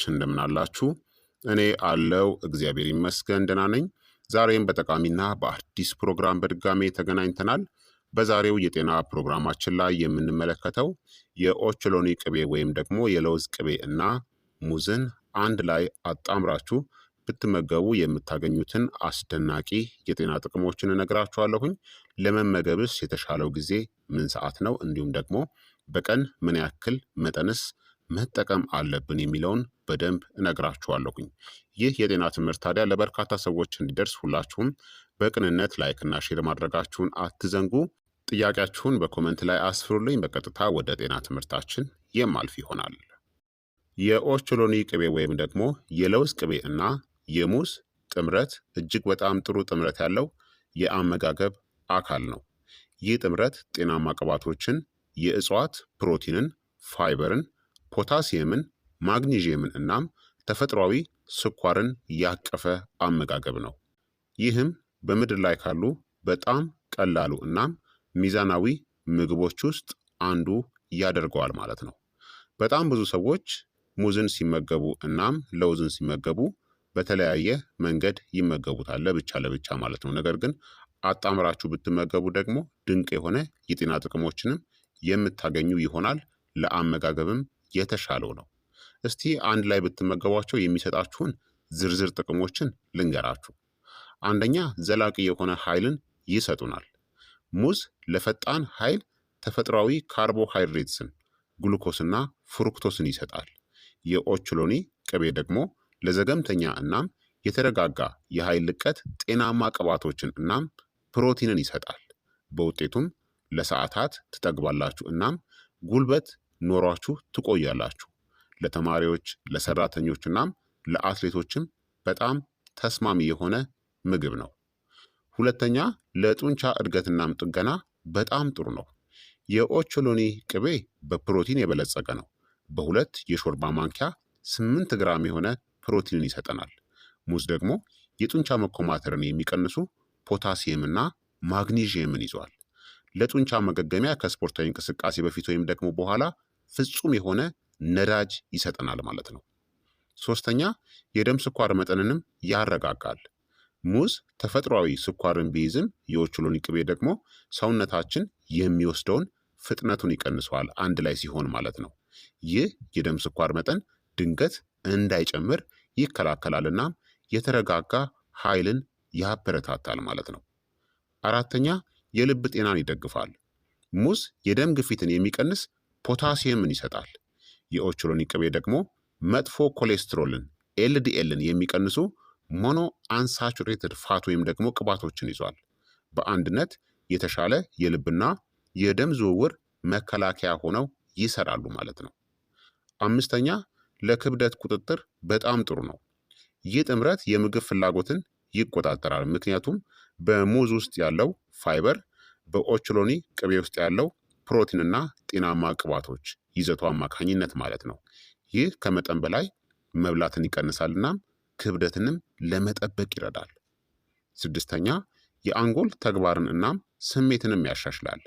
ች እንደምናላችሁ እኔ አለው እግዚአብሔር ይመስገን ደህና ነኝ። ዛሬም በጠቃሚና በአዲስ ፕሮግራም በድጋሜ ተገናኝተናል። በዛሬው የጤና ፕሮግራማችን ላይ የምንመለከተው የኦቾሎኒ ቅቤ ወይም ደግሞ የለውዝ ቅቤ እና ሙዝን አንድ ላይ አጣምራችሁ ብትመገቡ የምታገኙትን አስደናቂ የጤና ጥቅሞችን እነግራችኋለሁኝ። ለመመገብስ የተሻለው ጊዜ ምን ሰዓት ነው? እንዲሁም ደግሞ በቀን ምን ያክል መጠንስ መጠቀም አለብን የሚለውን በደንብ እነግራችኋለሁኝ። ይህ የጤና ትምህርት ታዲያ ለበርካታ ሰዎች እንዲደርስ ሁላችሁም በቅንነት ላይክና ሼር ማድረጋችሁን አትዘንጉ። ጥያቄያችሁን በኮመንት ላይ አስፍሩልኝ። በቀጥታ ወደ ጤና ትምህርታችን የማልፍ ይሆናል። የኦቾሎኒ ቅቤ ወይም ደግሞ የለውዝ ቅቤ እና የሙዝ ጥምረት እጅግ በጣም ጥሩ ጥምረት ያለው የአመጋገብ አካል ነው። ይህ ጥምረት ጤናማ ቅባቶችን፣ የእጽዋት ፕሮቲንን፣ ፋይበርን ፖታሲየምን፣ ማግኒዥየምን እናም ተፈጥሯዊ ስኳርን ያቀፈ አመጋገብ ነው። ይህም በምድር ላይ ካሉ በጣም ቀላሉ እናም ሚዛናዊ ምግቦች ውስጥ አንዱ ያደርገዋል ማለት ነው። በጣም ብዙ ሰዎች ሙዝን ሲመገቡ እናም ለውዝን ሲመገቡ በተለያየ መንገድ ይመገቡታል፣ ለብቻ ለብቻ ማለት ነው። ነገር ግን አጣምራችሁ ብትመገቡ ደግሞ ድንቅ የሆነ የጤና ጥቅሞችንም የምታገኙ ይሆናል። ለአመጋገብም የተሻለው ነው። እስቲ አንድ ላይ ብትመገቧቸው የሚሰጣችሁን ዝርዝር ጥቅሞችን ልንገራችሁ። አንደኛ ዘላቂ የሆነ ኃይልን ይሰጡናል። ሙዝ ለፈጣን ኃይል ተፈጥሯዊ ካርቦሃይድሬትስን፣ ግሉኮስና ፍሩክቶስን ይሰጣል። የኦቾሎኒ ቅቤ ደግሞ ለዘገምተኛ እናም የተረጋጋ የኃይል ልቀት ጤናማ ቅባቶችን እናም ፕሮቲንን ይሰጣል። በውጤቱም ለሰዓታት ትጠግባላችሁ እናም ጉልበት ኖሯችሁ ትቆያላችሁ። ለተማሪዎች ለሰራተኞችናም ለአትሌቶችም በጣም ተስማሚ የሆነ ምግብ ነው። ሁለተኛ ለጡንቻ እድገትናም ጥገና በጣም ጥሩ ነው። የኦቾሎኒ ቅቤ በፕሮቲን የበለጸገ ነው። በሁለት የሾርባ ማንኪያ ስምንት ግራም የሆነ ፕሮቲንን ይሰጠናል። ሙዝ ደግሞ የጡንቻ መኮማተርን የሚቀንሱ ፖታሲየምና ማግኒዥየምን ይዟል። ለጡንቻ መገገሚያ ከስፖርታዊ እንቅስቃሴ በፊት ወይም ደግሞ በኋላ ፍጹም የሆነ ነዳጅ ይሰጠናል ማለት ነው። ሶስተኛ የደም ስኳር መጠንንም ያረጋጋል። ሙዝ ተፈጥሯዊ ስኳርን ቢይዝም የኦቾሎኒ ቅቤ ደግሞ ሰውነታችን የሚወስደውን ፍጥነቱን ይቀንሰዋል አንድ ላይ ሲሆን ማለት ነው። ይህ የደም ስኳር መጠን ድንገት እንዳይጨምር ይከላከላልና የተረጋጋ ኃይልን ያበረታታል ማለት ነው። አራተኛ የልብ ጤናን ይደግፋል። ሙዝ የደም ግፊትን የሚቀንስ ፖታሲየምን ይሰጣል። የኦቾሎኒ ቅቤ ደግሞ መጥፎ ኮሌስትሮልን ኤልዲኤልን የሚቀንሱ ሞኖ አንሳቹሬትድ ፋት ወይም ደግሞ ቅባቶችን ይዟል። በአንድነት የተሻለ የልብና የደም ዝውውር መከላከያ ሆነው ይሰራሉ ማለት ነው። አምስተኛ ለክብደት ቁጥጥር በጣም ጥሩ ነው። ይህ ጥምረት የምግብ ፍላጎትን ይቆጣጠራል። ምክንያቱም በሙዝ ውስጥ ያለው ፋይበር በኦቾሎኒ ቅቤ ውስጥ ያለው ፕሮቲንና ጤናማ ቅባቶች ይዘቱ አማካኝነት ማለት ነው። ይህ ከመጠን በላይ መብላትን ይቀንሳል እናም ክብደትንም ለመጠበቅ ይረዳል። ስድስተኛ የአንጎል ተግባርን እናም ስሜትንም ያሻሽላል።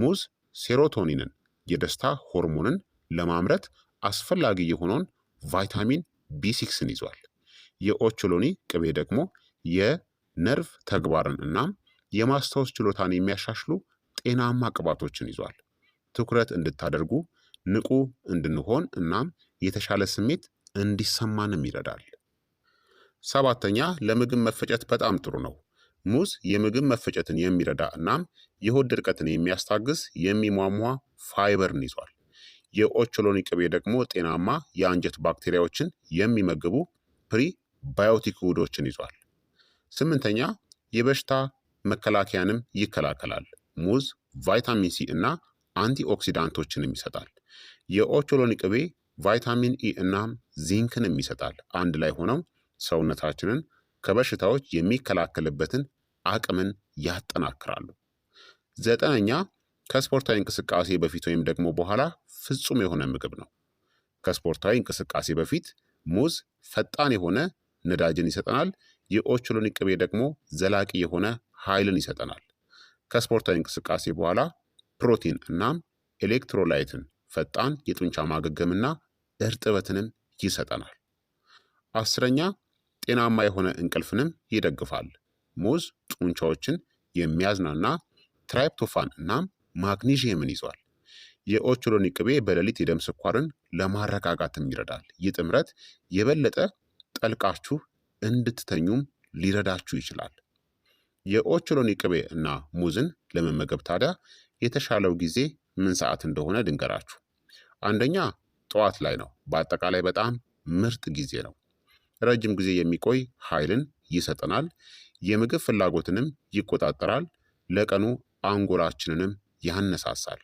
ሙዝ ሴሮቶኒንን የደስታ ሆርሞንን ለማምረት አስፈላጊ የሆነውን ቫይታሚን ቢሲክስን ይዟል የኦቾሎኒ ቅቤ ደግሞ የነርቭ ተግባርን እናም የማስታወስ ችሎታን የሚያሻሽሉ ጤናማ ቅባቶችን ይዟል። ትኩረት እንድታደርጉ ንቁ እንድንሆን እናም የተሻለ ስሜት እንዲሰማንም ይረዳል። ሰባተኛ ለምግብ መፈጨት በጣም ጥሩ ነው። ሙዝ የምግብ መፈጨትን የሚረዳ እናም የሆድ ድርቀትን የሚያስታግስ የሚሟሟ ፋይበርን ይዟል። የኦቾሎኒ ቅቤ ደግሞ ጤናማ የአንጀት ባክቴሪያዎችን የሚመግቡ ፕሪ ባዮቲክ ውህዶችን ይዟል። ስምንተኛ የበሽታ መከላከያንም ይከላከላል። ሙዝ ቫይታሚን ሲ እና አንቲኦክሲዳንቶችንም ይሰጣል። የኦቾሎኒ ቅቤ ቫይታሚን ኢ እናም ዚንክንም ይሰጣል። አንድ ላይ ሆነው ሰውነታችንን ከበሽታዎች የሚከላከልበትን አቅምን ያጠናክራሉ። ዘጠነኛ ከስፖርታዊ እንቅስቃሴ በፊት ወይም ደግሞ በኋላ ፍጹም የሆነ ምግብ ነው። ከስፖርታዊ እንቅስቃሴ በፊት ሙዝ ፈጣን የሆነ ነዳጅን ይሰጠናል። የኦቾሎኒ ቅቤ ደግሞ ዘላቂ የሆነ ኃይልን ይሰጠናል። ከስፖርታዊ እንቅስቃሴ በኋላ ፕሮቲን እናም ኤሌክትሮላይትን፣ ፈጣን የጡንቻ ማገገምና እርጥበትንም ይሰጠናል። አስረኛ ጤናማ የሆነ እንቅልፍንም ይደግፋል። ሙዝ ጡንቻዎችን የሚያዝናና ትራይፕቶፋን እናም ማግኒዥየምን ይዟል። የኦቾሎኒ ቅቤ በሌሊት የደም ስኳርን ለማረጋጋትም ይረዳል። ይህ ጥምረት የበለጠ ጠልቃችሁ እንድትተኙም ሊረዳችሁ ይችላል። የኦቾሎኒ ቅቤ እና ሙዝን ለመመገብ ታዲያ የተሻለው ጊዜ ምን ሰዓት እንደሆነ ድንገራችሁ። አንደኛ ጠዋት ላይ ነው። በአጠቃላይ በጣም ምርጥ ጊዜ ነው። ረጅም ጊዜ የሚቆይ ኃይልን ይሰጠናል። የምግብ ፍላጎትንም ይቆጣጠራል። ለቀኑ አንጎላችንንም ያነሳሳል።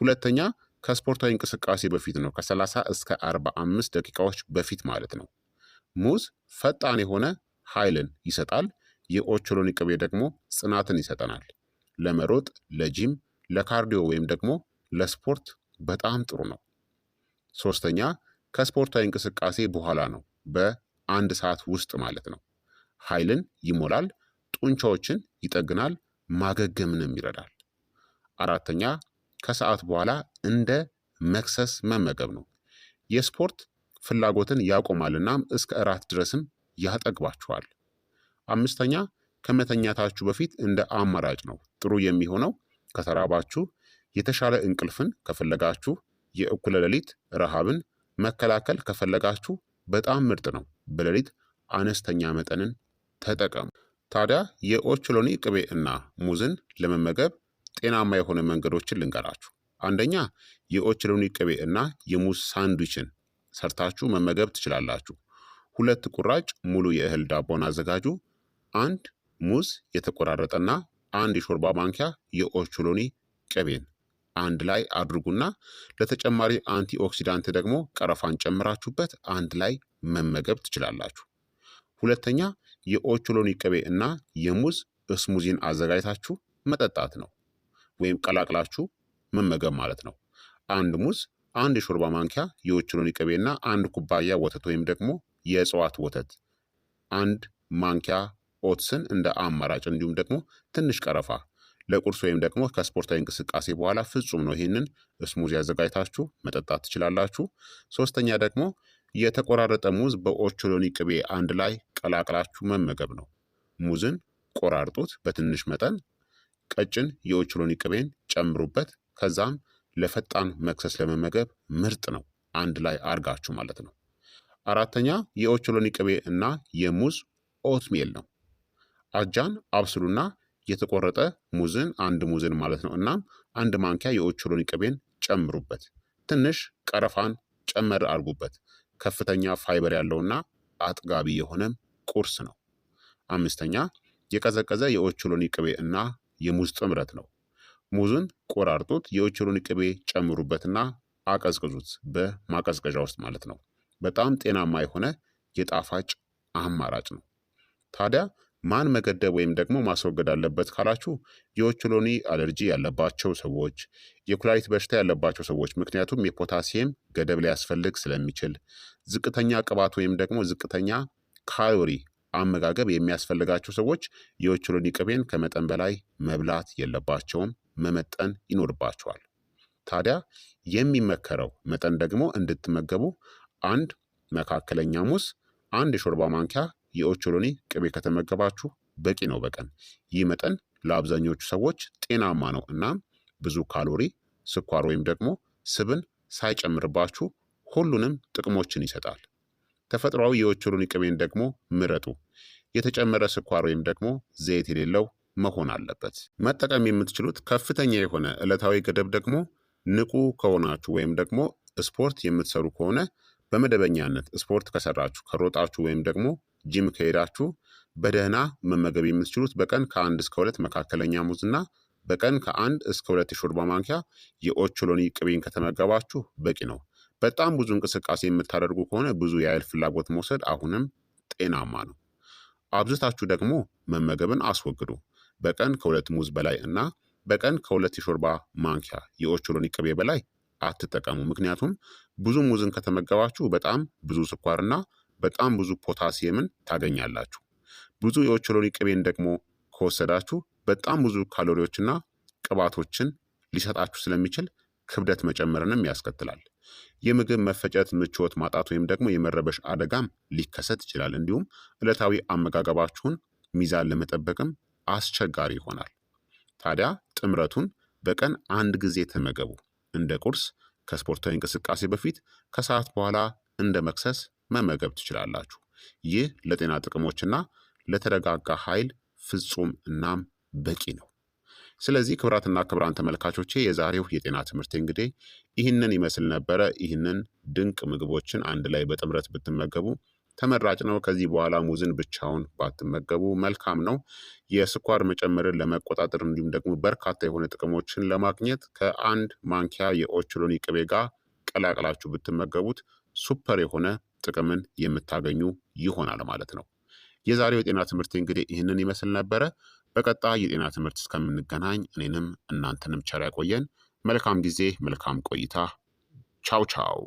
ሁለተኛ ከስፖርታዊ እንቅስቃሴ በፊት ነው። ከ30 እስከ 45 ደቂቃዎች በፊት ማለት ነው። ሙዝ ፈጣን የሆነ ኃይልን ይሰጣል። የኦቾሎኒ ቅቤ ደግሞ ጽናትን ይሰጠናል። ለመሮጥ፣ ለጂም፣ ለካርዲዮ ወይም ደግሞ ለስፖርት በጣም ጥሩ ነው። ሶስተኛ ከስፖርታዊ እንቅስቃሴ በኋላ ነው፣ በአንድ ሰዓት ውስጥ ማለት ነው። ኃይልን ይሞላል፣ ጡንቻዎችን ይጠግናል፣ ማገገምንም ይረዳል። አራተኛ ከሰዓት በኋላ እንደ መክሰስ መመገብ ነው። የስፖርት ፍላጎትን ያቆማል እናም እስከ እራት ድረስም ያጠግባችኋል። አምስተኛ ከመተኛታችሁ በፊት እንደ አማራጭ ነው ጥሩ የሚሆነው። ከተራባችሁ የተሻለ እንቅልፍን ከፈለጋችሁ የእኩለ ሌሊት ረሃብን መከላከል ከፈለጋችሁ በጣም ምርጥ ነው። በሌሊት አነስተኛ መጠንን ተጠቀሙ። ታዲያ የኦቾሎኒ ቅቤ እና ሙዝን ለመመገብ ጤናማ የሆነ መንገዶችን ልንገራችሁ። አንደኛ የኦቾሎኒ ቅቤ እና የሙዝ ሳንድዊችን ሰርታችሁ መመገብ ትችላላችሁ። ሁለት ቁራጭ ሙሉ የእህል ዳቦን አዘጋጁ። አንድ ሙዝ የተቆራረጠና አንድ የሾርባ ማንኪያ የኦቾሎኒ ቅቤን አንድ ላይ አድርጉና ለተጨማሪ አንቲኦክሲዳንት ደግሞ ቀረፋን ጨምራችሁበት አንድ ላይ መመገብ ትችላላችሁ። ሁለተኛ የኦቾሎኒ ቅቤ እና የሙዝ እስሙዚን አዘጋጅታችሁ መጠጣት ነው፣ ወይም ቀላቅላችሁ መመገብ ማለት ነው። አንድ ሙዝ፣ አንድ የሾርባ ማንኪያ የኦቾሎኒ እና አንድ ኩባያ ወተት ወይም ደግሞ የእጽዋት ወተት አንድ ማንኪያ ኦትስን እንደ አማራጭ እንዲሁም ደግሞ ትንሽ ቀረፋ ለቁርስ ወይም ደግሞ ከስፖርታዊ እንቅስቃሴ በኋላ ፍጹም ነው። ይህንን ስሙዚ አዘጋጅታችሁ መጠጣት ትችላላችሁ። ሶስተኛ ደግሞ የተቆራረጠ ሙዝ በኦቾሎኒ ቅቤ አንድ ላይ ቀላቅላችሁ መመገብ ነው። ሙዝን ቆራርጡት፣ በትንሽ መጠን ቀጭን የኦቾሎኒ ቅቤን ጨምሩበት። ከዛም ለፈጣን መክሰስ ለመመገብ ምርጥ ነው፣ አንድ ላይ አርጋችሁ ማለት ነው። አራተኛ የኦቾሎኒ ቅቤ እና የሙዝ ኦትሜል ነው። አጃን አብስሉና የተቆረጠ ሙዝን አንድ ሙዝን ማለት ነው። እናም አንድ ማንኪያ የኦቾሎኒ ቅቤን ጨምሩበት። ትንሽ ቀረፋን ጨመር አድርጉበት። ከፍተኛ ፋይበር ያለውና አጥጋቢ የሆነም ቁርስ ነው። አምስተኛ የቀዘቀዘ የኦቾሎኒ ቅቤ እና የሙዝ ጥምረት ነው። ሙዙን ቆራርጡት፣ የኦቾሎኒ ቅቤ ጨምሩበትና አቀዝቅዙት፣ በማቀዝቀዣ ውስጥ ማለት ነው። በጣም ጤናማ የሆነ የጣፋጭ አማራጭ ነው። ታዲያ ማን መገደብ ወይም ደግሞ ማስወገድ አለበት ካላችሁ የኦቾሎኒ አለርጂ ያለባቸው ሰዎች፣ የኩላሊት በሽታ ያለባቸው ሰዎች ምክንያቱም የፖታሲየም ገደብ ሊያስፈልግ ስለሚችል፣ ዝቅተኛ ቅባት ወይም ደግሞ ዝቅተኛ ካሎሪ አመጋገብ የሚያስፈልጋቸው ሰዎች የኦቾሎኒ ቅቤን ከመጠን በላይ መብላት የለባቸውም፣ መመጠን ይኖርባቸዋል። ታዲያ የሚመከረው መጠን ደግሞ እንድትመገቡ አንድ መካከለኛ ሙዝ፣ አንድ የሾርባ ማንኪያ የኦቾሎኒ ቅቤ ከተመገባችሁ በቂ ነው በቀን ይህ መጠን ለአብዛኞቹ ሰዎች ጤናማ ነው እናም ብዙ ካሎሪ፣ ስኳር ወይም ደግሞ ስብን ሳይጨምርባችሁ ሁሉንም ጥቅሞችን ይሰጣል። ተፈጥሯዊ የኦቾሎኒ ቅቤን ደግሞ ምረጡ። የተጨመረ ስኳር ወይም ደግሞ ዘይት የሌለው መሆን አለበት። መጠቀም የምትችሉት ከፍተኛ የሆነ ዕለታዊ ገደብ ደግሞ ንቁ ከሆናችሁ ወይም ደግሞ ስፖርት የምትሰሩ ከሆነ በመደበኛነት ስፖርት ከሰራችሁ ከሮጣችሁ ወይም ደግሞ ጂም ከሄዳችሁ በደህና መመገብ የምትችሉት በቀን ከአንድ እስከ ሁለት መካከለኛ ሙዝና በቀን ከአንድ እስከ ሁለት የሾርባ ማንኪያ የኦቾሎኒ ቅቤን ከተመገባችሁ በቂ ነው። በጣም ብዙ እንቅስቃሴ የምታደርጉ ከሆነ ብዙ የኃይል ፍላጎት መውሰድ አሁንም ጤናማ ነው። አብዝታችሁ ደግሞ መመገብን አስወግዱ። በቀን ከሁለት ሙዝ በላይ እና በቀን ከሁለት የሾርባ ማንኪያ የኦቾሎኒ ቅቤ በላይ አትጠቀሙ። ምክንያቱም ብዙ ሙዝን ከተመገባችሁ በጣም ብዙ ስኳርና በጣም ብዙ ፖታሲየምን ታገኛላችሁ። ብዙ የኦቾሎኒ ቅቤን ደግሞ ከወሰዳችሁ በጣም ብዙ ካሎሪዎችና ቅባቶችን ሊሰጣችሁ ስለሚችል ክብደት መጨመርንም ያስከትላል። የምግብ መፈጨት ምቾት ማጣት ወይም ደግሞ የመረበሽ አደጋም ሊከሰት ይችላል። እንዲሁም ዕለታዊ አመጋገባችሁን ሚዛን ለመጠበቅም አስቸጋሪ ይሆናል። ታዲያ ጥምረቱን በቀን አንድ ጊዜ ተመገቡ። እንደ ቁርስ፣ ከስፖርታዊ እንቅስቃሴ በፊት፣ ከሰዓት በኋላ እንደ መክሰስ መመገብ ትችላላችሁ። ይህ ለጤና ጥቅሞችና ለተረጋጋ ኃይል ፍጹም እናም በቂ ነው። ስለዚህ ክብራትና ክብራን ተመልካቾቼ የዛሬው የጤና ትምህርት እንግዲህ ይህንን ይመስል ነበረ። ይህንን ድንቅ ምግቦችን አንድ ላይ በጥምረት ብትመገቡ ተመራጭ ነው። ከዚህ በኋላ ሙዝን ብቻውን ባትመገቡ መልካም ነው። የስኳር መጨመርን ለመቆጣጠር እንዲሁም ደግሞ በርካታ የሆነ ጥቅሞችን ለማግኘት ከአንድ ማንኪያ የኦቾሎኒ ቅቤ ጋር ቀላቅላችሁ ብትመገቡት ሱፐር የሆነ ጥቅምን የምታገኙ ይሆናል ማለት ነው። የዛሬው የጤና ትምህርት እንግዲህ ይህንን ይመስል ነበረ። በቀጣይ የጤና ትምህርት እስከምንገናኝ እኔንም እናንተንም ቸር ያቆየን። መልካም ጊዜ፣ መልካም ቆይታ። ቻው ቻው።